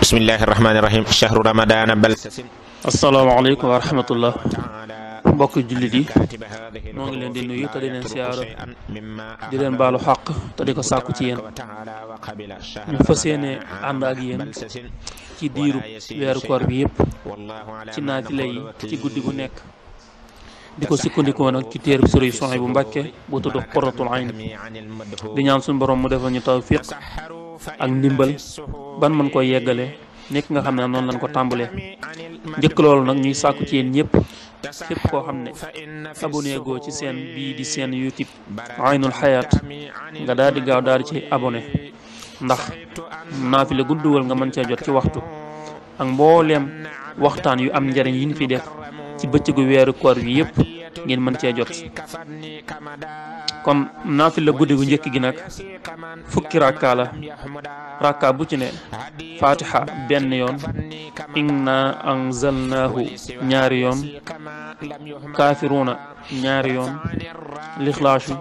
بسم الله الرحمن الرحيم شهر رمضان بل السلام عليكم ورحمة الله بوك جلدي نون لين دي نوي تدين سيار دين بالو حق تدي كو ساكو تيين فسيني اند اك يين كي ديرو وير كور بي ييب سي ناتي لي كي غودي بو نيك ديكو سيكوندي كو نك كي تير سوري سوني بو مباكه بو تودو قرة العين دي نيان سون بروم مو ديفال ني توفيق ak ndimbal ban mën koo yeggalee nekk nga xam ne noonu lañ ko tàmbalee njëkk loolu nag ñuy sàkku ci yéen ñëpp képp koo xam ne abonné goo ci seen bii di seen YouTube Aynul Hayaat nga daal di gaaw daal ci abonné ndax naafile gudduwal nga mën cee jot ci waxtu ak mbooleem waxtaan yu am njariñ yi ñu fi def ci bëccëgu weeru koor wi yëpp ngeen mën cee jot kon naafila guddi gu njëkk gi nag fukki rakka la rakka bu ci ne fatiha benn yoon inna anzalnaahu ñaari yoon kaafiruuna ñaari yoon lixlaasu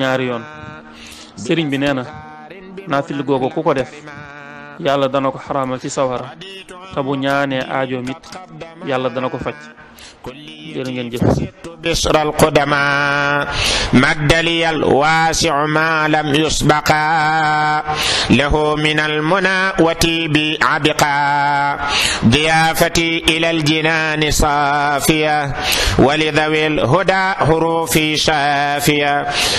ñaari yoon sëriñ bi nee na naafila googu ku ko def yàlla dana ko xaraamal ci sawara te bu ñaanee aajoom yàlla dana ko faj jërë ngeen القدماء مد لي الواسع ما لم يسبقا له من المنى وتيبي عبقا ضيافتي إلى الجنان صافية ولذوي الهدى حروفي شافية